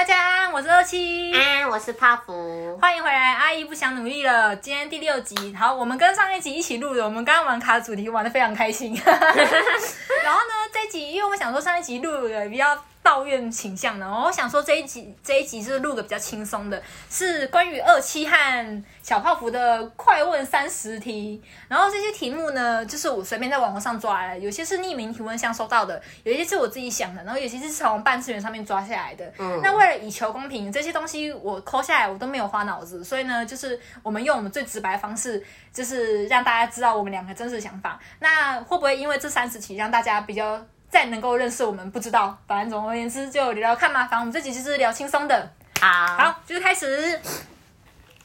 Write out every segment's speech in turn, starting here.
大家我是二七，安安我是泡芙，歡迎回來。阿姨不想努力了。今天第六集，好，我們跟上一集一起錄的，我們剛剛玩卡主題玩得非常開心， 然後呢，這集因為我想說上一集錄的比較。抱怨傾向呢，我想說這一集這一集是錄得比較輕鬆的，是關於二七和小泡芙的快問三十題。然後這些題目呢，就是我隨便在網絡上抓來的，有些是匿名提問箱收到的，有些是我自己想的，然後有些是從半次元上面抓下來的。嗯，那為了以求公平，這些東西我摳下來我都沒有花腦子，所以呢，就是我們用我們最直白的方式，就是讓大家知道我們兩個真實想法。那會不會因為這三十題讓大家比較？再能夠認識我們不知道，反正總而言之就聊聊看嘛。反正我們這集就是聊輕鬆的，好，好，就是開始。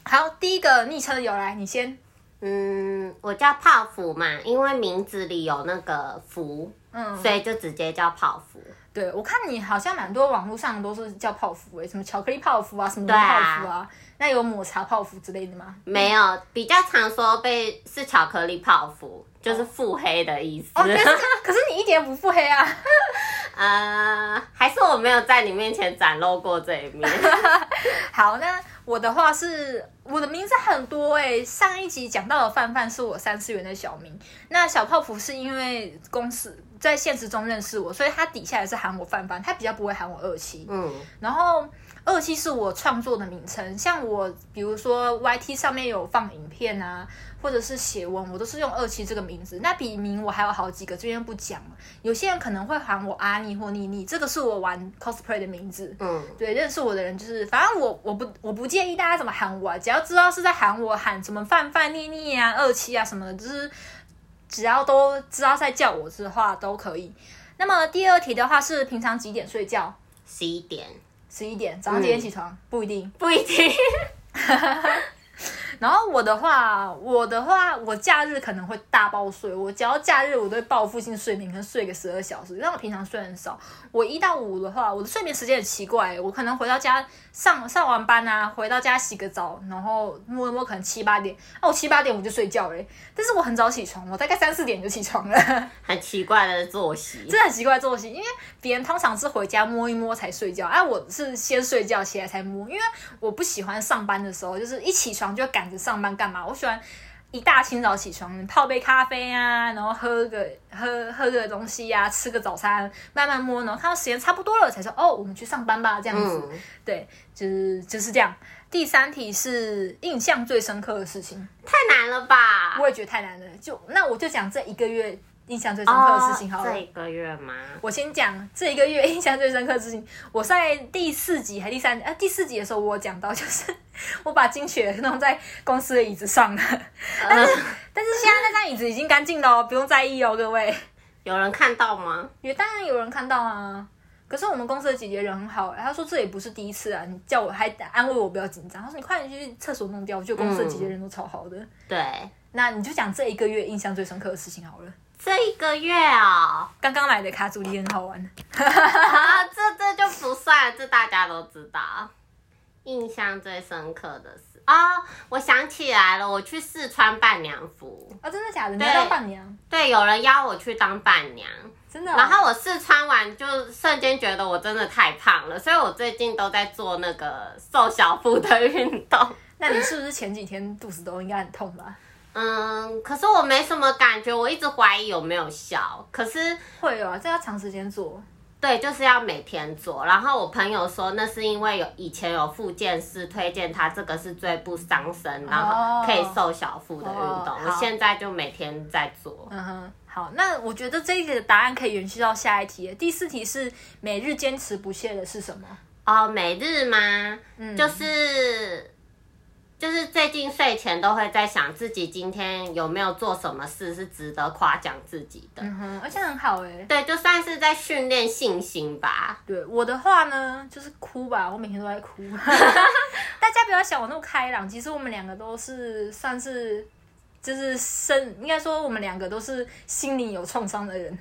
好，第一個昵稱的由來，你先。嗯，我叫泡芙嘛，因為名字裡有那個“芙”，嗯，所以就直接叫泡芙。嗯 okay. 對，我看你好像蠻多網絡上都是叫泡芙誒、欸，什麼巧克力泡芙啊，什麼泡芙啊，那、啊、有抹茶泡芙之類的嗎？沒有，比較常說被是巧克力泡芙，就是腹黑的意思。哦， 哦，可是你一點也不腹黑啊。啊、 呃，還是我沒有在你面前展露過這一面。 好，那我的話是，我的名字很多誒、欸，上一集講到的范范是我三次元的小名，那小泡芙是因為公司，在現實中認識我，所以他底下也是喊我范范，他比較不會喊我二七。嗯，然後二七是我創作的名稱，像我比如說 YT 上面有放影片啊，或者是寫文，我都是用二七這個名字。那筆名我還有好幾個，這邊不講。有些人可能會喊我阿妮或妮妮，這個是我玩 cosplay 的名字。嗯，對，認識我的人就是，反正我我不我不建議大家怎麼喊我啊，只要知道是在喊我，喊什麼范范妮妮啊、二七啊什麼的，就是。只要都知道在叫我的話都可以。那麼第二題的話是平常幾點睡覺？十一點，十一點。早上幾點起床？嗯、不一定，不一定。 然後我的話，我的話，我假日可能會大爆睡。我只要假日，我都會報復性睡眠，可能睡個十二小時。因為我平常睡很少。我一到五的話，我的睡眠時間很奇怪，欸。我可能回到家。上上完班啊，回到家洗個澡，然後摸一摸，摸，可能七八點。哦、啊，我七八點我就睡覺嘞。但是我很早起床，我大概三四點就起床了。很奇怪的作息，真的很奇怪的作息，因為別人通常是回家摸一摸才睡覺，哎、啊，我是先睡覺起來才摸，因為我不喜歡上班的時候，就是一起床就要趕着上班幹嘛，我喜歡。一大清早起床，泡杯咖啡啊，然後喝個喝喝個東西啊，吃個早餐，慢慢摸，然後看到時間差不多了，才說哦，我們去上班吧，這樣子，嗯、對，就是就是這樣。第三題是印象最深刻的事情，太難了吧？我也覺得太難了，就那我就講這一個月。印象最深刻的事情好了，哦、這一個月嗎？我先講這一個月印象最深刻的事情。我在第四集還第三啊，第四集的時候，我有講到就是我把經血弄在公司的椅子上了，但是 但是現在那張椅子已經乾淨了哦， 不用在意哦，各位。有人看到嗎？也當然有人看到啊。可是我們公司的姐姐人很好，欸，她說這也不是第一次啊，你叫我還安慰我不要緊張，她說你快點去廁所弄掉。我覺得公司的姐姐人都超好的。嗯、對，那你就講這一個月印象最深刻的事情好了。這一個月啊、哦，剛剛買的卡祖笛很好玩， 啊、這這就不算了，這大家都知道。印象最深刻的是啊、哦，我想起來了，我去試穿伴娘服啊、哦，真的假的？有伴娘對。對，有人邀我去當伴娘，真的、哦。然後我試穿完就瞬間覺得我真的太胖了，所以我最近都在做那個瘦小腹的運動。那你是不是前幾天肚子都應該很痛吧？ 嗯，可是我沒什麼感覺，我一直懷疑有沒有效。可是會有啊，這要長時間做。對，就是要每天做。然後我朋友說，那是因為有以前有復健師推薦他，這個是最不傷身，然後可以瘦小腹的運動。哦、我現在就每天在做。哦哦、嗯哼，好，那我覺得這一題的答案可以延續到下一題。第四題是每日堅持不懈的是什麼？哦，每日嗎？嗯，就是。就是最近睡前都會在想自己今天有沒有做什麼事是值得誇獎自己的。嗯哼，而且很好哎、欸，對，就算是在訓練信心吧。對，我的話呢，就是哭吧，我每天都在哭。 大家不要想我那麼開朗，其實我們兩個都是算是，就是生，應該說我們兩個都是心靈有創傷的人。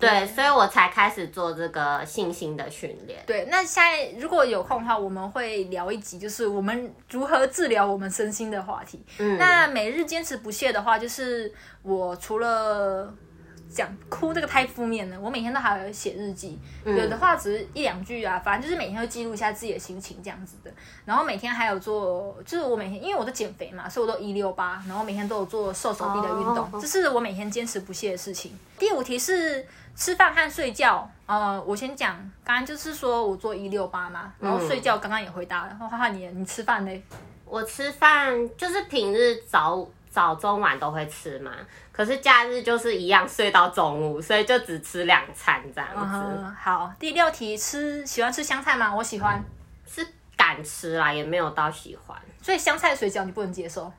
對，Yeah. 所以我才開始做這個信心的訓練。對，那下一如果有空的話，我們會聊一集，就是我們如何治療我們身心的話題。嗯，那每日堅持不懈的話，就是我除了。講哭這個太負面了，我每天都還有寫日記，嗯、有的話只是一兩句啊，反正就是每天會記錄一下自己的心情這樣子的。然後每天還有做，就是我每天因為我在減肥嘛，所以我都一六八，然後每天都有做瘦手臂的運動，哦、這是我每天堅持不懈的事情。哦、第五題是吃飯和睡覺，呃，我先講，剛剛就是說我做一六八嘛，然後睡覺剛剛也回答了，花花、嗯哦、你你吃飯呢？我吃飯就是平日早午，早中晚都會吃嘛，可是假日就是一樣睡到中午，所以就只吃兩餐這樣子。嗯、好，第六題，吃喜歡吃香菜嗎？我喜歡、嗯，是敢吃啦，也沒有到喜歡。所以香菜水餃你不能接受？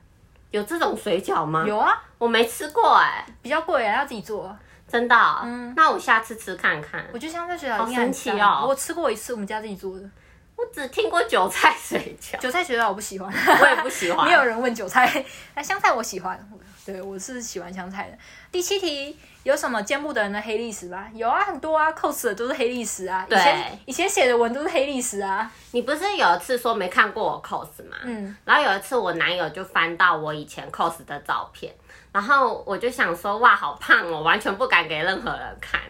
有這種水餃嗎？有啊，我沒吃過哎、欸，比較貴啊，要自己做。真的？嗯。那我下次吃看看。我覺得香菜水餃很好神奇哦，我吃過一次，我們家自己做的。我只聽過韭菜水餃，韭菜水餃我不喜歡，我也不喜歡。 沒有人問韭菜，那 香菜我喜歡，對，我是喜歡香菜的。第七題有什麼見不得人的黑歷史嗎？有啊，很多啊，cos 的都是黑歷史啊。對以前以前寫的文都是黑歷史啊。你不是有一次說沒看過我 cos 嗎？嗯。然後有一次我男友就翻到我以前 cos 的照片，然後我就想說，哇，好胖哦，我完全不敢給任何人看。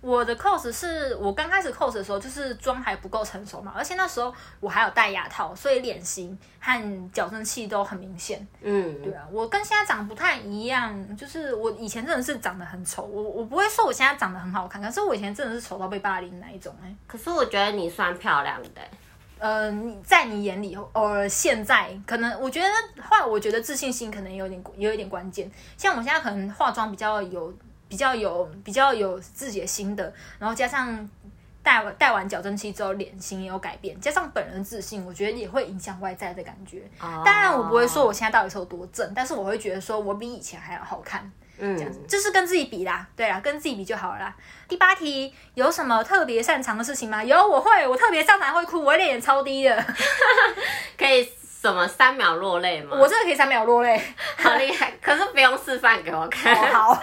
我的 cos 是我剛開始 cos 的時候，就是妝還不夠成熟嘛，而且那時候我還有戴牙套，所以臉型和矯正器都很明顯。嗯，對啊，我跟現在長不太一樣，就是我以前真的是長得很醜，我我不會說我現在長得很好看，可是我以前真的是醜到被霸凌那一種哎、欸。可是我覺得你算漂亮的，嗯、呃，在你眼裡哦、呃、現在可能我覺得，畫，我覺得自信心可能有點有一點關鍵，像我現在可能化妝比較有。比較有比較有自己的心得，然後加上戴完戴完矯正器之後臉型也有改變，加上本人自信，我覺得也會影響外在的感覺。當然、哦，我不會說我現在到底是有多正，但是我會覺得說我比以前還要好看。嗯，這樣子就是跟自己比啦，對啊，跟自己比就好啦。嗯、第八題，有什麼特別擅長的事情嗎？有，我會，我特別擅長會哭，我臉也超低的， 可以什麼三秒落淚嗎？我這個可以三秒落淚，好厲害！ 可是不用示範給我看，哦、好。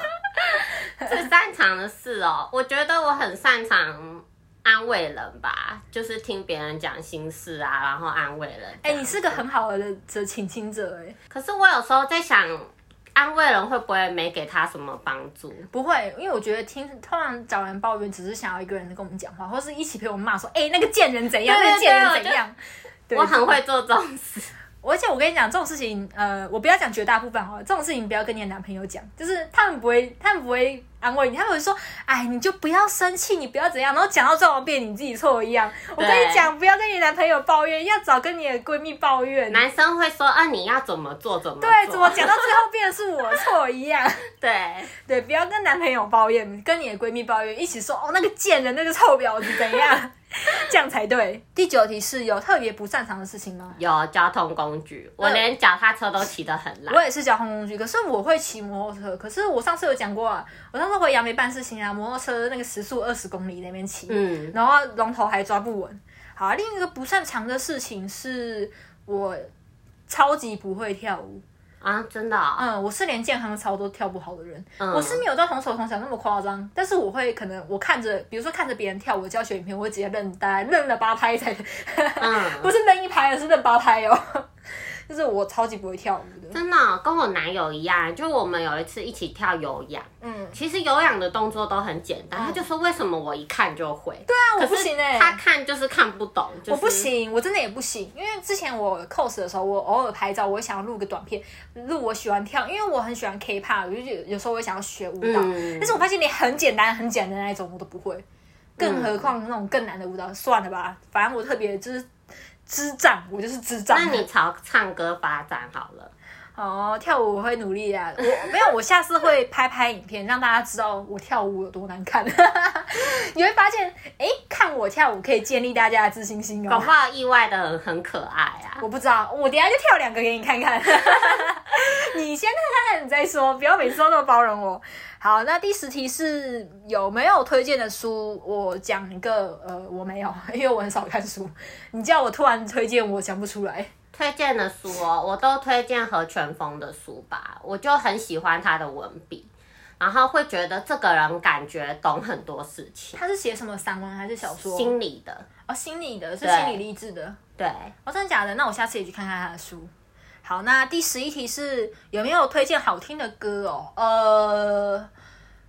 最擅長的事哦、喔，我覺得我很擅長安慰人吧，就是聽別人講心事啊，然後安慰人。哎，你是個很好的者傾聽者哎。可是我有時候在想，安慰人會不會沒給他什麼幫助、 欸？不會，因為我覺得聽突然找人抱怨，只是想要一個人跟我們講話，或是一起陪我們罵，說、欸、哎那個賤人怎樣，那賤 對人怎樣，我，我很會做這種事。 而且我跟你講這種事情，呃，我不要講絕大部分哈，這種事情不要跟你的男朋友講，就是他們不會，他們不會安慰你，他們會說，哎，你就不要生氣，你不要怎樣，然後講到最後變你自己錯一樣。對我跟你講，不要跟你的男朋友抱怨，要找跟你的閨蜜抱怨。男生會說，啊，你要怎麼做怎麼做？對，怎麼講到最後變的是我錯一樣。 對對，不要跟男朋友抱怨，跟你的閨蜜抱怨，一起說，哦，那個賤人，那個臭婊子，怎樣？ 這樣才對。第九題是有特別不擅長的事情嗎？有，交通工具，我連腳踏車都騎得很爛。我也是交通工具，可是我會騎摩托車。可是我上次有講過啊，我上次回楊梅辦事情啊，摩托車那個時速二十公里那邊騎，嗯，然後龍頭還抓不穩。好啊，另一個不擅長的事情是我超級不會跳舞。啊，真的、啊，嗯，我是連健康操都跳不好的人，嗯、我是沒有到同手同腳那麼誇張，但是我會可能我看着，比如說看着別人跳舞教學影片，我會直接愣呆，大愣了八拍才、嗯呵呵，不是愣一拍，而是愣八拍喲、哦。就是我超級不會跳舞的，真的、哦、跟我男友一樣。就我們有一次一起跳有氧，嗯，其實有氧的動作都很簡單。他、哦、就說為什麼我一看就會？對啊，我不行哎、欸，他看就是看不懂。就是、我不行，我真的也不行。因為之前我 cos 的時候，我偶爾拍照，我想要錄個短片，錄我喜歡跳，因為我很喜歡 K-pop，我就有時候我也想要學舞蹈。嗯、但是我發現你很簡單、很簡單那種我都不會，更何況那種更難的舞蹈，嗯、算了吧。反正我特別就是。智障，我就是智障的。那你朝唱歌發展好了好哦，跳舞我會努力啊。我沒有，我下次會拍拍影片， 讓大家知道我跳舞有多難看。 你會發現，欸，看我跳舞可以建立大家的自信心哦。搞不好意外的很可愛啊！我不知道，我等一下就跳兩個給你看看。 你先看看你再說，不要每次都那麼包容我。好，那第十題是有沒有推薦的書？我講一個，呃，我沒有，因為我很少看書。你叫我突然推薦，我講不出來。推薦的書哦，我都推薦何全峰的書吧，我就很喜歡他的文筆，然後會覺得這個人感覺懂很多事情。他是寫什麼散文還是小說？心理的哦，心理的是心理勵志的對。對。哦，真的假的？那我下次也去看看他的書。好，那第十一題是有沒有推薦好聽的歌哦？呃，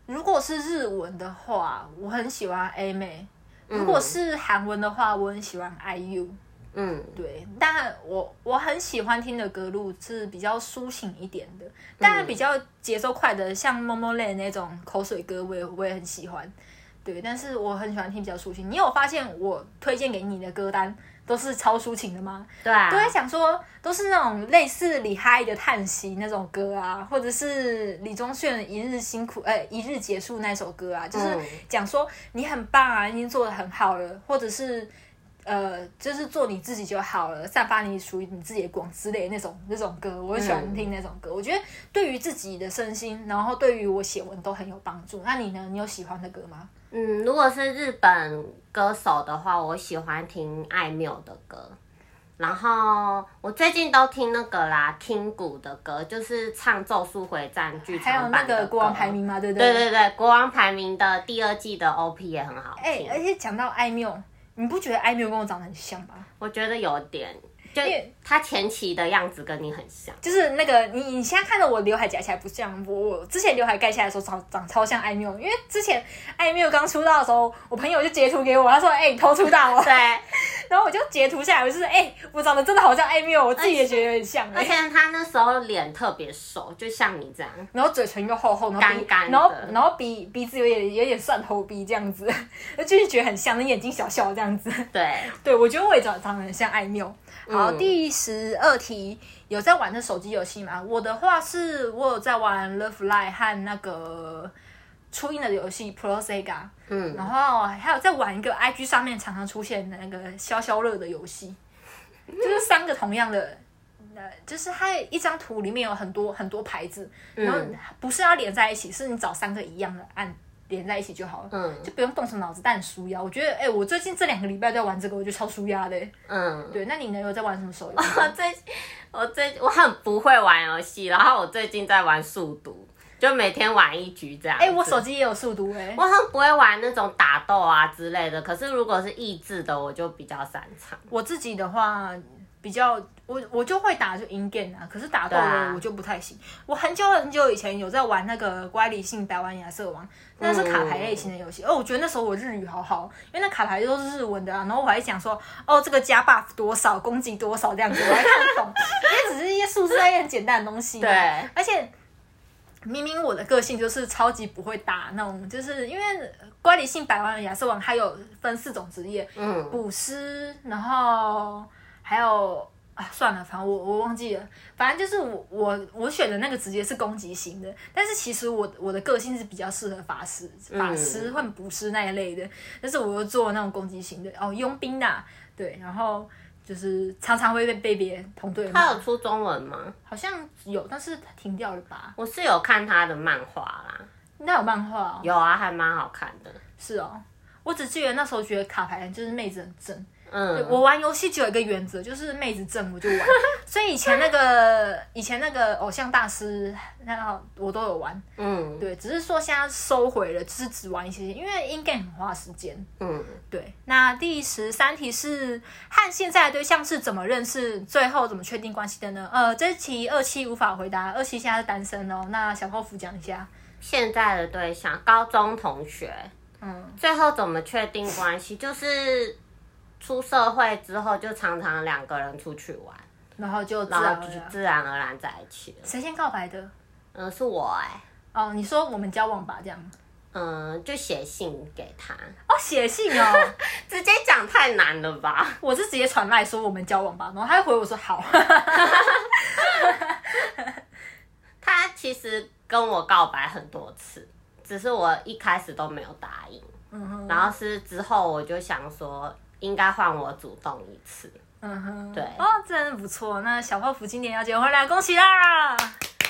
如果是日文的話，我很喜歡 A 妹；嗯、如果是韓文的話，我很喜歡 IU。嗯，對，但我我很喜歡聽的歌路是比較抒情一點的，但、嗯、比較節奏快的，像 MOMOLAND 那種口水歌，我也我也很喜歡。對，但是我很喜歡聽比較抒情。你有發現我推薦給你的歌單？都是超抒情的嗎？對啊，都在講說都是那種類似李嗨的嘆息那種歌啊，或者是李宗炫一日辛苦哎、欸、一日結束那首歌啊，就是講說你很棒啊，已經做得很好了，或者是呃，就是做你自己就好了，散發你屬於你自己的光之類那種那種歌，我就喜歡聽那種歌。嗯、我覺得對於自己的身心，然後對於我寫文都很有幫助。那你呢？你有喜歡的歌嗎？嗯，如果是日本歌手的話，我喜歡聽愛繆的歌，然後我最近都聽那個啦，聽 King Gnu 的歌，就是唱《咒術回戰》劇場版的歌。還有那個國王排名嘛，對對，對對對，國王排名的第二季的 OP 也很好聽。欸，而且講到愛繆，你不覺得愛繆跟我長得很像嗎？我覺得有點。他前期的樣子跟你很像為，就是那個你你現在看到我劉海夾起來不像我，我之前劉海蓋下來的時候長，超長超像艾米。因為之前艾米剛出道的時候，我朋友就截圖給我，他說：“哎、欸，你偷出道了。”對，然後我就截圖下來，我就說、是、哎、欸，我長得真的好像艾米，我自己也覺得有點像、欸。而且那他那時候臉特別瘦，就像你這樣，然後嘴唇又厚厚乾乾，然後，乾乾然後然後鼻鼻子有點有點蒜頭鼻這樣子，就是覺得很像，那眼睛小小這樣子。對，對，我覺得我也長得長得很像艾米。好，第十二題、嗯、有在玩的手機遊戲嗎？我的話是我有在玩《Love Live》和那個初音的遊戲《Prosega》，嗯，然後還有在玩一個 IG 上面常常出現的那個消消樂的遊戲，嗯、就是三個同樣的，呃，就是它有一張圖裡面有很多很多牌子，然後不是要連在一起，是你找三個一樣的按。連在一起就好了，嗯、就不用動什麼腦子。但舒壓，我覺得，哎、欸，我最近這兩個禮拜在玩這個，我就超舒壓的、欸。嗯，對。那你呢？有在玩什麼手遊？在 我最我很不會玩遊戲，然後我最近在玩數獨，就每天玩一局這樣。哎、欸，對我手機也有數獨哎、欸。我很不會玩那種打鬥啊之類的，可是如果是益智的，我就比較擅長。我自己的話，比較。我我就會打就英電啊，可是打到了我就不太行。啊、我很久很久以前有在玩那個乖離性百萬亞瑟王，那是卡牌類型的遊戲。嗯、哦，我覺得那時候我日語好好，因為那卡牌都是日文的啊。然後我還想說，哦，這個加 buff 多少，攻擊多少這樣子，我還看不懂， 因為只是一些數字，一些 簡單的東西。對，而且明明我的個性就是超級不會打那種，就是因為乖離性百萬亞瑟王它有分四種職業，嗯，補師，然後還有。啊，算了，反正我我忘記了，反正就是我我我選的那個直接是攻擊型的，但是其實我我的個性是比較適合法師、法師或補師那一類的，嗯、但是我又做那種攻擊型的哦，傭兵吶、啊，對，然後就是常常會被被別人同隊。他有出中文嗎？好像有，但是停掉了吧？我是有看他的漫畫啦，應該有漫畫、哦，有啊，還蠻好看的。是哦，我只記得那時候覺得卡牌就是妹子很正。嗯，我玩遊戲只有一個原則，就是妹子正我就玩， 所以以前那個以前那個偶像大師，那個我都有玩。嗯，對，只是說現在收回了，只是只玩一些，因為 in game 很花時間。嗯，對。那第十三題是和現在的對象是怎麼認識，最後怎麼確定關係的呢？呃，這題27無法回答，27現在是單身哦。那小泡芙講一下，現在的對象高中同學。嗯，最後怎麼確定關係就是。出社會之後，就常常兩個人出去玩，然後，然後就自然而然在一起了。誰先告白的？嗯、呃，是我哎、欸。哦，你說我們交往吧，這樣？嗯，就寫信給他。哦，寫信哦， 直接講太難了吧？我是直接傳來說我們交往吧，然後他回我說好。 他其實跟我告白很多次，只是我一開始都沒有答應。嗯哼。然後是之後，我就想說。應該換我主動一次，嗯哼、uh，huh. 對，哦，真不錯。那小泡芙今年要結婚了，恭喜啦！哈哈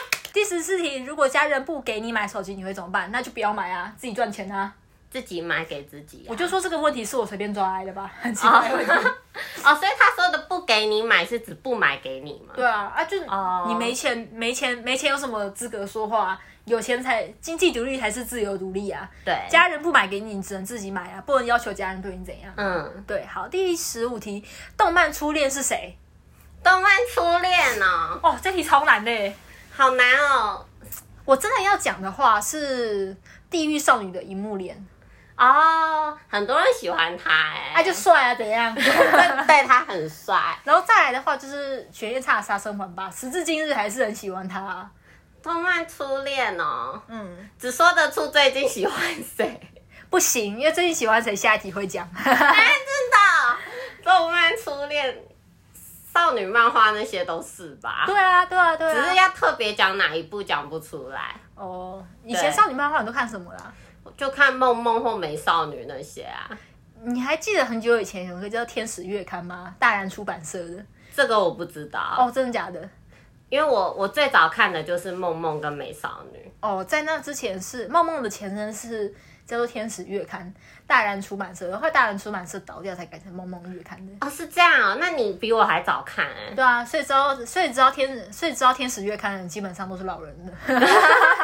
第十四題，如果家人不給你買手機，你會怎麼辦？那就不要買啊，自己賺錢啊，自己買給自己、啊。我就說這個問題是我隨便抓來的吧，很奇怪。哦，所以他說的不給你買是指不買給你嗎？對啊，啊就、oh. 你沒錢，沒錢，沒錢有什麼資格說話？有錢才經濟獨立才是自由獨立啊！對，家人不買給你，你只能自己買啊，不能要求家人對你怎樣。嗯，對。好，第十五題，動漫初戀是誰？動漫初戀呢、哦？哦，這題超難嘞，好難哦！我真的要講的話是《地獄少女》的一目連哦，很多人喜歡他、欸，哎，他就帥啊，怎樣？對， 他很帥。然後再來的話就是《犬夜叉》殺生丸吧，時至今日還是很喜歡他、啊。動漫初戀哦、喔，嗯，只說得出最近喜歡誰，不， 不行，因為最近喜歡誰下一集會講。哎、欸，真的， 動漫初戀、少女漫畫那些都是吧？對啊，對啊，對啊。只是要特別講哪一部講不出來哦。以前少女漫畫你都看什麼啦？就看夢夢或美少女那些啊。你還記得很久以前有個叫《天使月刊》嗎？大然出版社的。這個我不知道。哦，真的假的？因為我我最早看的就是夢夢跟美少女哦，在那之前是夢夢的前身是叫做天使月刊，大人出版社，然後大人出版社倒掉才改成夢夢月刊的。哦，是這樣啊、哦，那你比我還早看。哎、欸，對啊，所以知道所以知道天使所以知道天使月刊的人基本上都是老人的。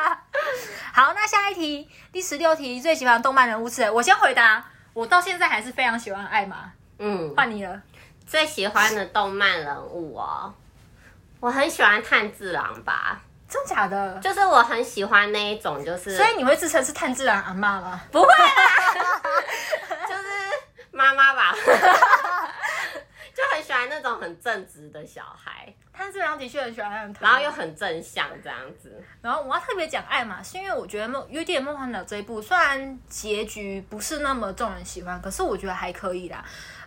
好，那下一題，第十六題，最喜歡動漫人物是誰？我先回答，我到現在還是非常喜歡艾瑪。嗯，換你了，最喜歡的動漫人物哦。 我很喜歡炭治郎吧，真假的？就是我很喜歡那一種，就是所以你會自稱是炭治郎阿嬤嗎？ 不會啦， 就是媽媽媽吧， 就很喜歡那種很正直的小孩。炭治郎的確很喜歡，然後又很正向這樣子。然後我要特別講艾瑪，是因為我覺得《約定的夢幻島》這一部，雖然結局不是那麼眾人喜歡，可是我覺得還可以啦。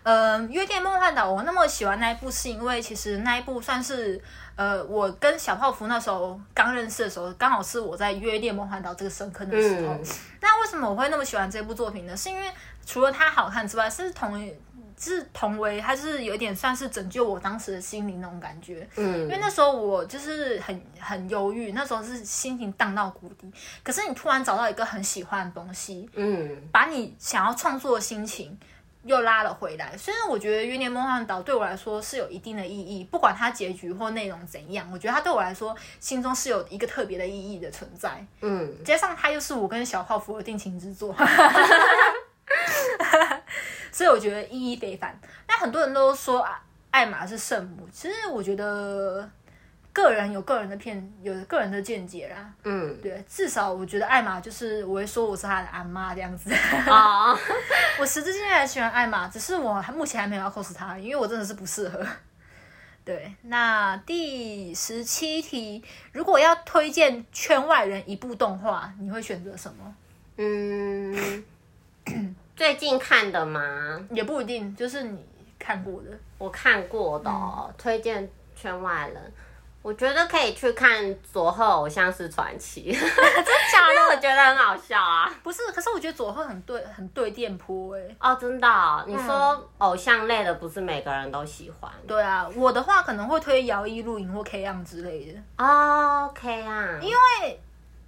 呃，《約定夢幻島》，我那麼喜歡那一部，是因為其實那一部算是，呃，我跟小泡芙那時候剛認識的時候，剛好是我在《約定夢幻島》這個深坑的時候。嗯。那為什麼我會那麼喜歡這部作品呢？是因為除了它好看之外，是同是同為，它是有點算是拯救我當時的心靈那種感覺。嗯。因為那時候我就是很很憂鬱，那時候是心情盪到谷底。可是你突然找到一個很喜歡的東西，嗯，把你想要創作的心情。又拉了回來。雖然我覺得《約念夢幻島》對我來說是有一定的意義，不管它結局或內容怎樣，我覺得它對我來說心中是有一個特別的意義的存在。嗯，加上它又是我跟小泡芙的定情之作， 所以我覺得意義非凡。那很多人都說艾瑪是聖母，其實我覺得。個人有個人的片，有個人的見解啦。嗯，對，至少我覺得艾瑪就是，我會說我是她的阿媽這樣子。啊、哦， 我實質上還喜歡艾瑪，只是我目前還沒有要 cos 她，因為我真的是不適合。對，那第十七題，如果要推薦圈外人一部動畫，你會選擇什麼？嗯， 最近看的嗎？也不一定，就是你看過的，我看過的，嗯、推薦圈外人。我覺得可以去看佐賀偶像是傳奇，因的？我覺得很好笑啊。 不是，可是我覺得佐賀很對，很對電波、欸、哦，真的、哦，嗯、你說偶像類的，不是每個人都喜歡。對啊，我的話可能會推搖曳露營或 K-On 之類的。哦 k 樣因為，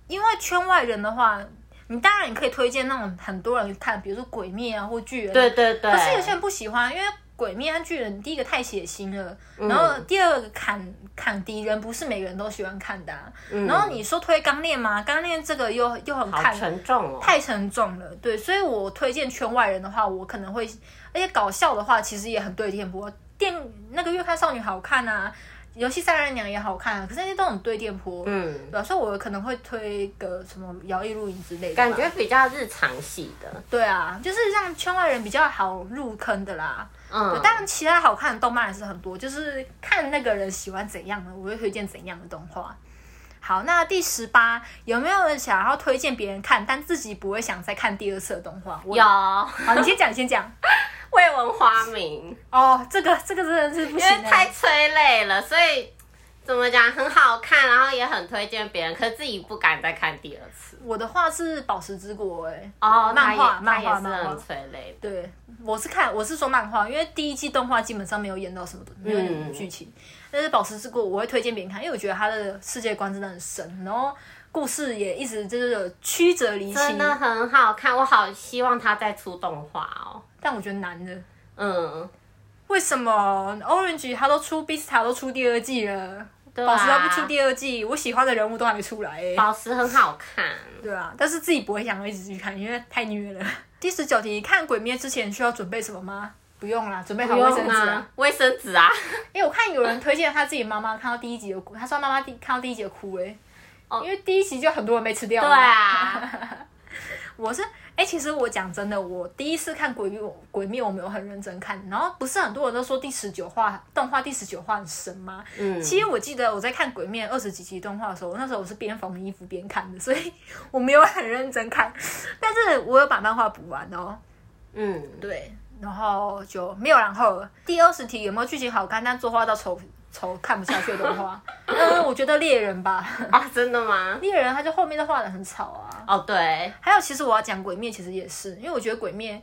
因為圈外人的話，你當然你可以推薦那種很多人去看，比如說鬼滅啊或巨人、啊、對對對。可是有些人不喜歡，因為。鬼滅安巨人，第一個太血腥了，嗯、然後第二個砍砍敵人不是每個人都喜歡看的、啊，嗯、然後你說推鋼煉嗎？鋼煉這個又又很看沉重、哦，太沉重了，對，所以我推薦圈外人的話，我可能會，而且搞笑的話其實也很對電波電、電那個月刊少女好看啊。遊戲三人娘也好看，可是那些都很對電波。嗯，比如說我可能會推個什麼搖曳露營之類的，感覺比較日常系的。對啊，就是讓圈外人比較好入坑的啦。嗯，當然其他好看的動漫也是很多，就是看那個人喜歡怎樣的，我會推薦怎樣的動畫。好，那第十八有沒有人想要推薦別人看，但自己不會想再看第二次的動畫？我有，好，你先講， 先講。未聞花名哦，這個這個真的是不因為太催淚了，所以怎麼講很好看，然後也很推薦別人，可是自己不敢再看第二次。我的話是《寶石之國》欸哦，漫畫，漫畫是很催淚。對，我是看，我是說漫畫，因為第一季動畫基本上沒有演到什麼的，沒有演劇情。但是《寶石之國》我會推薦別人看，因為我覺得它的世界觀真的很深，然後故事也一直就是曲折離奇，真的很好看。我好希望它再出動畫哦。但我覺得難的，嗯，為什麼 Orange 他都出 Beastars 都出第二季了，寶、啊、石他不出第二季，我喜歡的人物都還沒出來、欸。寶石很好看，對啊，但是自己不會想要一直去看，因為太虐了。 第十九題，看《鬼滅》之前需要準備什麼嗎？不用啦，準備好衛生紙。衛生紙啊？哎、啊啊 欸，我看有人推薦他自己媽媽看到第一集的哭，他說媽媽第看到第一集的哭嘞、欸，因為第一集就很多人被吃掉了。對啊。我是哎、欸，其實我講真的，我第一次看鬼《鬼滅》《鬼滅》，我沒有很認真看。然後不是很多人都說第十九話動畫第十九話很神嗎？嗯，其實我記得我在看《鬼滅》二十幾集動畫的時候，那時候我是邊縫衣服邊看的，所以我沒有很認真看。但是我有把漫畫補完哦。嗯，對，然後就沒有然後。第二十題有沒有劇情好看但作畫到醜？醜看不下去的動畫， 嗯，我覺得獵人吧啊。真的嗎？獵人他就後面都畫的很醜啊。哦，oh, 對，還有其實我要講鬼滅，其實也是，因為我覺得鬼滅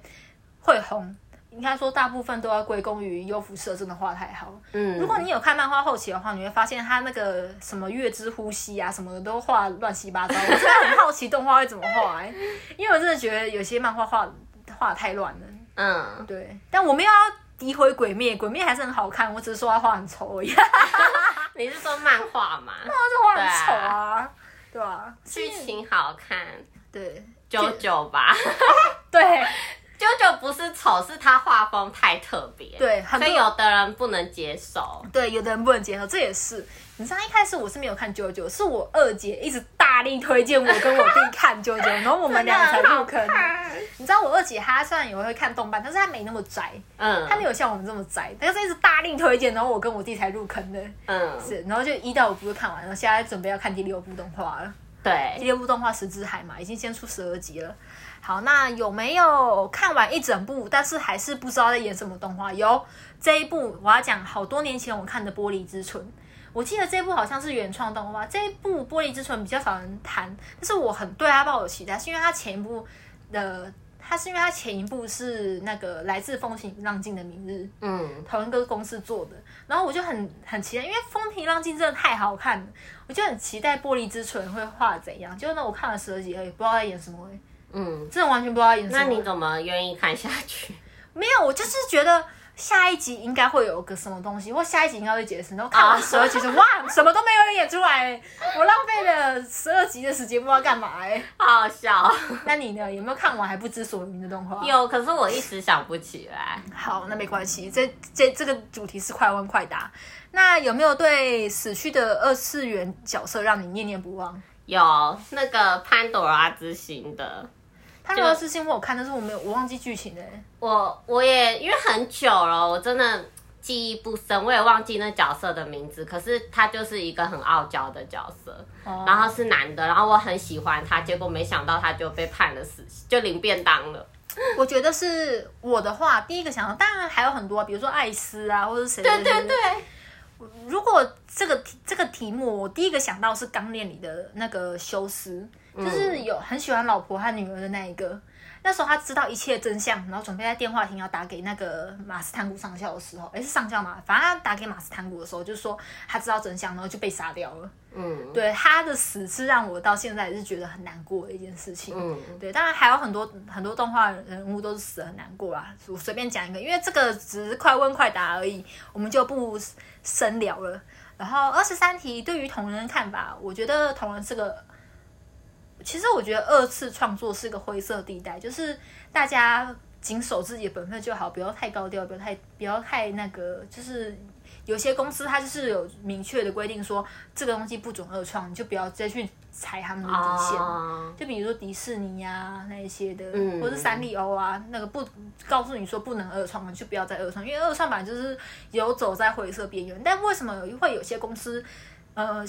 會紅，應該說大部分都要歸功於幽浮社，真的畫太好。嗯，如果你有看漫畫後期的話，你會發現他那個什麼月之呼吸啊什麼的都畫亂七八糟。 我現在很好奇動畫會怎麼畫欸，因為我真的覺得有些漫畫畫畫得太亂了。嗯，對，但我們要。詆毀《鬼滅》，《鬼滅》還是很好看，我只是說他畫很醜而已。 你是說漫畫嗎？漫畫畫很醜啊，對啊，劇、啊、情好看，對，九九 jo 吧， 對。JoJo 不是醜，是他畫風太特別，對，很多，所以有的人不能接受，對，有的人不能接受，這也是。你知道一開始我是沒有看 JoJo，是我二姐一直大力推薦我跟我弟看 JoJo，然後我們兩才入坑。你知道我二姐她雖然也會看動漫，但是她沒那麼宅，嗯，她沒有像我們這麼宅，她是一直大力推薦，然後我跟我弟才入坑的，嗯，是，然後就一到五部看完了，然後現在準備要看第六部動畫了，對，第六部動畫《石之海》嘛，已經先出十二集了。好，那有沒有看完一整部，但是還是不知道在演什麼動畫？有，這一部我要講好多年前我看的《玻璃之唇》。我記得這一部好像是原創動畫，這一部《玻璃之唇》比較少人談，但是我很對它抱有期待，是因為它前一部的，它是因為它前一部是那個《來自風平浪靜的明日》，嗯，同一個公司做的，然後我就很很期待，因為《風平浪靜》真的太好看了，我就很期待《玻璃之唇》會畫怎樣。就是呢，我看了十幾集，不知道在演什麼欸。嗯，這種完全不知道演什麼，那你怎麼願意看下去？沒有，我就是覺得下一集應該會有個什麼東西，或下一集應該會解釋。然後看完十二集，就哇， 什麼都沒有演出來，我浪費了十二集的時間，不知道幹嘛哎，好，好笑。那你呢？有沒有看完還不知所云的動畫？有，可是我一時想不起來。 好，那沒關係。這這這個主題是快問快答。那有沒有對死去的二次元角色讓你念念不忘？有，那個潘朵拉之心的。他的私信問我有看，就但是我沒有，我忘記劇情嘞、欸。我我也因為很久了，我真的記憶不深，我也忘記那角色的名字。可是他就是一個很傲嬌的角色，哦、然後是男的，然後我很喜歡他。結果沒想到他就被判了死刑，就領便當了。我覺得是我的話，第一個想到當然還有很多、啊，比如說艾斯啊，或者誰的、就是。對對對。如果這個這個題目，我第一個想到是《鋼煉》裡的那個修斯。就是有很喜歡老婆和女兒的那一個，嗯、那時候他知道一切真相，然後準備在電話亭要打給那個馬斯坦古上校的時候，哎、欸，是上校嘛？反正他打給馬斯坦古的時候，就說他知道真相，然後就被殺掉了。嗯，對，他的死是讓我到現在也是覺得很難過的一件事情。嗯，對，當然還有很多很多動畫人物都是死得很難過啊。我隨便講一個，因為這個只是快問快答而已，我們就不深聊了。然後二十三題，對於同人的看法，我覺得同人這個。其實我覺得二次創作是一個灰色地帶，就是大家謹守自己的本分就好，不要太高調，不要太不要太那個。就是有些公司它就是有明確的規定說，說這個東西不准二創，你就不要再去踩他們的底線。啊、就比如說迪士尼呀、啊、那一些的，嗯、或是三麗鷗啊，那個不告訴你說不能二創就不要再二創，因為二創本來就是遊走在灰色邊緣。但為什麼會有些公司，呃？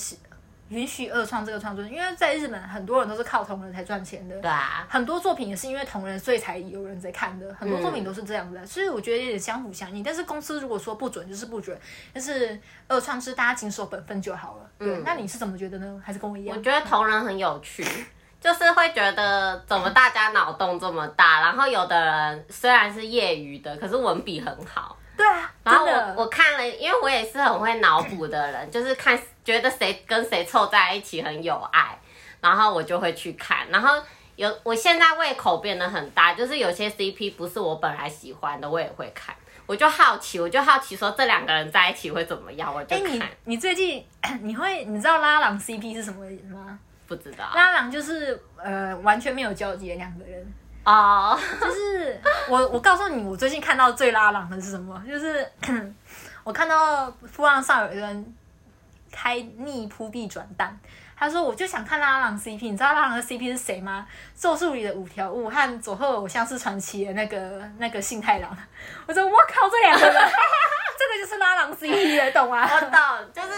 允許二創這個創作，因為在日本很多人都是靠同人才賺錢的，對啊、很多作品也是因為同人所以才有人在看的，很多作品都是這樣子的，嗯、所以我覺得有點相輔相應。但是公司如果說不准就是不准，但是二創是大家盡守本分就好了。嗯、對。那你是怎麼覺得呢？還是跟我一樣？我覺得同人很有趣，嗯、就是會覺得怎麼大家腦洞這麼大，然後有的人雖然是業餘的，可是文筆很好。對啊，然後我的我看了，因為我也是很會腦補的人， 就是看覺得誰跟誰湊在一起很有愛，然後我就會去看。然後有，我現在胃口變得很大，就是有些 CP 不是我本來喜歡的，我也會看。我就好奇，我就好奇說這兩個人在一起會怎麼樣，我就看。欸，你，你最近你會你知道拉郎 CP 是什麼意思嗎？不知道，拉郎就是呃完全沒有交集的兩個人。啊，oh. 就是我，我告訴你，我最近看到最拉郎的是什麼？就是我看到噗浪上有一人開逆噗幣轉蛋，他說我就想看拉郎 CP，你知道拉郎的 CP 是誰嗎？咒術裡的五條悟和佐賀，偶像，是傳奇的那個那個幸太郎。我說我靠，這兩個人，哈哈哈，這個就是拉郎 CP， 你懂嗎？我懂，就是。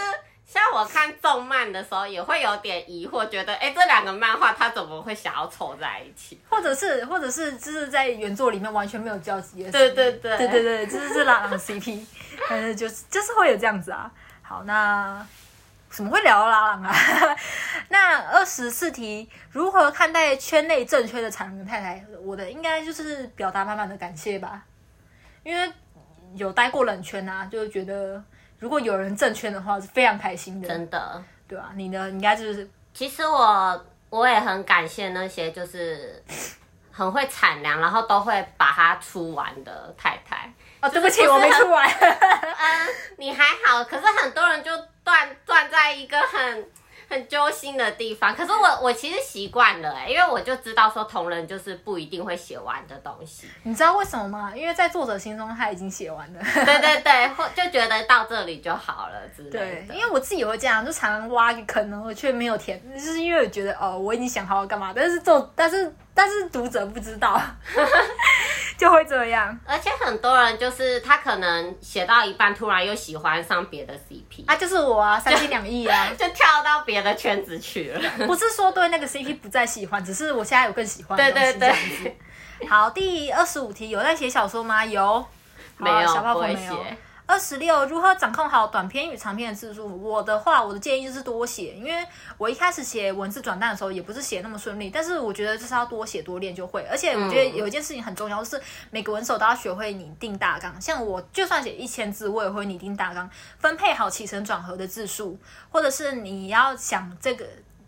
像我看動漫的時候，也會有點疑惑，覺得哎、欸，這兩個漫畫他怎麼會想要湊在一起？或者是，或者是，就是在原作裡面完全沒有交集，對對對對對對，就 是拉郎 CP， 但是就是就是會有這樣子啊。好，那什麼會聊拉郎啊？ 那二十四題，如何看待圈內正確的長子太太？我的應該就是表達滿滿的感謝吧，因為有待過冷圈啊，就覺得。如果有人正圈的話，是非常開心的。真的，對啊，你呢？你應該就是……其實我我也很感謝那些就是很會產糧，然後都會把它出完的太太。 是是哦，對不起，我沒出完。 嗯，你還好，可是很多人就斷斷在一個很。很揪心的地方，可是我我其實習慣了欸，因為我就知道說，同人就是不一定會寫完的東西。你知道為什麼嗎？因為在作者心中他已經寫完了。 對對對，或就覺得到這裡就好了是是對，因為我自己也會這樣，就常常挖一個坑，我卻沒有填，就是因為我覺得哦，我已經想好要幹嘛，但是做，但是。但是讀者不知道， 就會這樣。而且很多人就是他可能寫到一半，突然又喜歡上別的 CP，啊，就是我啊，就三心兩意啊，就跳到別的圈子去了。 不是說對那個 CP 不再喜歡， 只是我現在有更喜歡的東西這樣子。對對對。好，第二十五題，有在寫小說嗎？有，沒有，小沒有不會寫。二十六，26, 如何掌控好短篇與長篇的字數？我的話，我的建議就是多寫，因為我一開始寫文字轉蛋的時候，也不是寫那麼順利。但是我覺得就是要多寫多練就會。而且我覺得有一件事情很重要，就是每個文手都要學會擬定大綱。像我就算寫一千字，我也會擬定大綱，分配好起承轉合的字數，或者是你要想這個，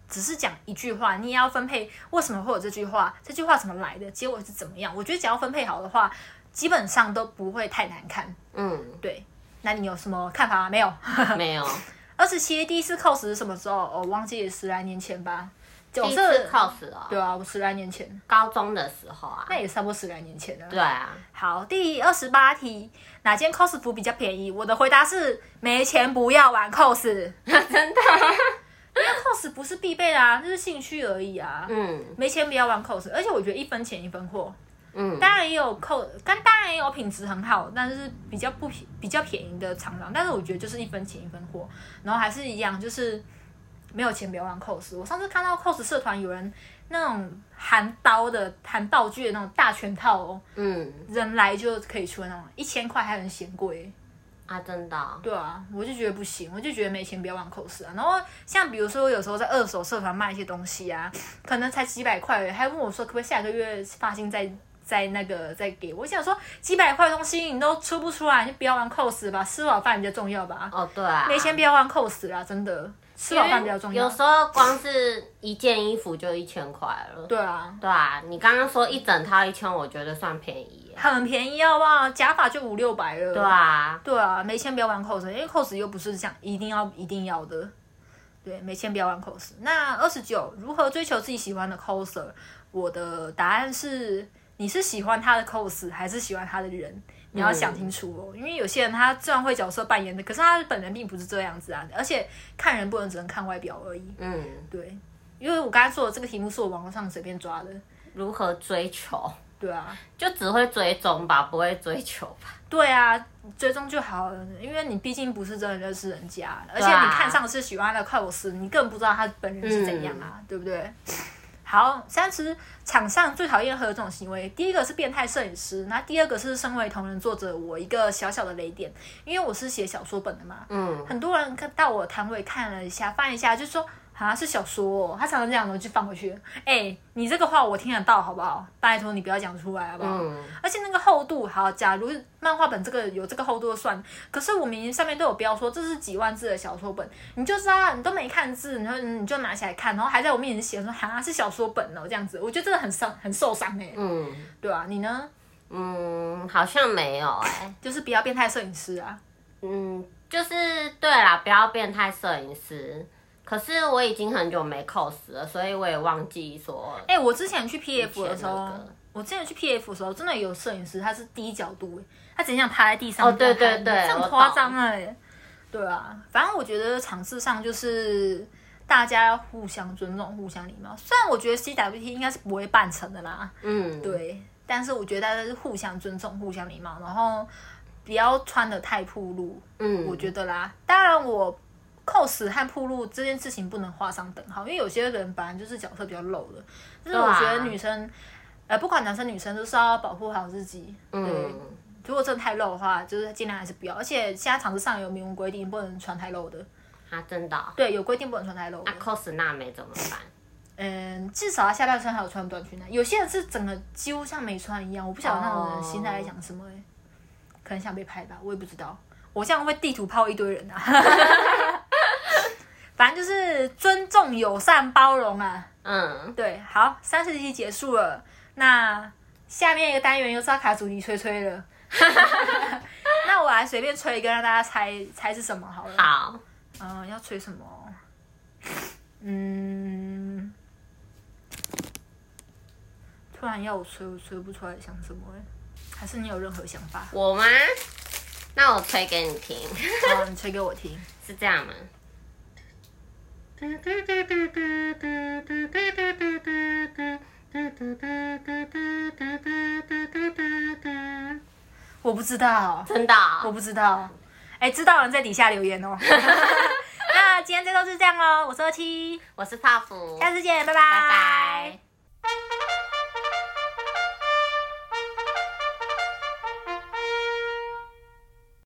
只是講一句話，你也要分配為什麼會有這句話，這句話怎麼來的，結果是怎麼樣？我覺得只要分配好的話，基本上都不會太難看。嗯，對。那你有什麼看法沒、啊、有，沒有。沒有 二十七第一次 cos 是什麼時候？我、哦、忘記十來年前吧。就是 cos 啊？ 對啊，我十來年前，高中的時候啊。那也差不多十來年前了、啊。對啊。好，第二十八題，哪件 cos 服比較便宜？我的回答是：沒錢不要玩 cos。 真的？ 因為 cos 不是必備的啊，這、就是興趣而已啊。嗯。沒錢不要玩 cos，而且我覺得一分錢一分貨。嗯，當然也有扣，但當然也有品質很好，但是，是比較不平，比較便宜的廠商。但是我覺得就是一分錢一分貨，然後還是一樣，就是沒有錢不要玩扣死。我上次看到扣死社團有人那種含刀的，含道具的那種大全套哦，嗯，人來就可以出那種一千塊，還很嫌貴啊，真的哦？對啊，我就覺得不行，我就覺得沒錢不要玩扣死啊。然後像比如說有時候在二手社團賣一些東西啊，可能才幾百塊，還問我說可不可以下個月發薪再。在那個再給我，想說幾百塊東西你都出不出來，你就不要玩 cos 吧，吃飽飯比較重要吧。哦，對啊，沒錢不要玩 cos 啦，真的吃飽飯比較重要。有時候光是一件衣服就一千塊了。對啊，對啊，你剛剛說一整套一千，我覺得算便宜，很便宜，要不好？假髮就五六百了。對啊，對啊，沒錢不要玩 cos，因為 cos 又不是像一定要一定要的。對，沒錢不要玩 cos。那二十九，如何追求自己喜歡的 coser？我的答案是。你是喜歡他的 cos，還是喜歡他的人？你要想清楚哦，嗯、因為有些人他雖然會角色扮演的，可是他本人並不是這樣子啊。而且看人不能只能看外表而已。嗯，對，因為我剛才說的這個題目是我網絡上隨便抓的。如何追求？對啊，就只會追蹤吧，不會追求吧？對啊，追蹤就好了，因為你畢竟不是真的認識人家，啊、而且你看上是喜歡的 cos，你更不知道他本人是怎樣啊，嗯、對不對？好，其實場上最討厭何的這種行為。第一個是變態攝影師，那第二個是身為同人作者，我一個小小的雷點，因為我是寫小說本的嘛。嗯，很多人到我攤位看了一下，翻一下，就說。好像、啊、是小說、哦，他常常這樣，我就放回去。哎、欸，你這個話我聽得到，好不好？拜託你不要講出來，好不好？嗯、而且那個厚度，好，假如漫畫本這個有這個厚度就算，可是我明明上面都有標說這是幾萬字的小說本，你就知道、啊、你都沒看字，然後、嗯、你就拿起來看，然後還在我面前寫說像、啊、是小說本哦這樣子，我覺得真的很傷，很受傷哎、欸。嗯，對啊，你呢？嗯，好像沒有哎、欸，就是不要變態攝影師啊。嗯，就是對啦，不要變態攝影師。可是我已經很久沒 cos 了，所以我也忘記說。哎、欸，我之前去 PF 的時候，那個、我之前去 PF 的時候，真的有攝影師，他是低角度、欸，他只想趴在地上。哦，對對對，這很誇張哎、欸。倒對啊，反正我覺得場次上就是大家要互相尊重、互相禮貌。雖然我覺得 CWT 應該是不會辦成的啦，嗯，對。但是我覺得大家是互相尊重、互相禮貌，然後不要穿得太暴露，嗯，我覺得啦。當然我。cos 和暴露這件事情不能畫上等號，因為有些人本來就是角色比較露的，但是我覺得女生，啊、呃，不管男生女生都是要保護好自己。嗯，如果真的太露的話，就是儘量還是不要。而且現在場子上有明文規定，不能穿太露的啊，真的。對，有規定不能穿太露的。cos 娜美怎麼辦？嗯，至少下半身還有穿短裙呢，有些人是整個幾乎像沒穿一樣，我不曉得那種人現在在講什麼、欸 oh、可能想被拍吧，我也不知道，我這樣會地圖砲一堆人啊。 反正就是尊重、友善、包容啊。嗯，對，好，三十題結束了，那下面一個單元又是阿卡主題吹吹了。 那我來隨便吹一個，讓大家猜猜是什麼好了。好。嗯、呃，要吹什麼？嗯，突然要我吹，我吹不出來想什麼、欸、還是你有任何想法？我嗎？那我吹給你聽。好、 啊，你吹給我聽，是這樣嗎？我不知道，真的、啊、我不知道。哎、欸，知道人在底下留言哦。那今天就都是這樣嘍。我是二七，我是泡芙，下次見，拜拜拜拜。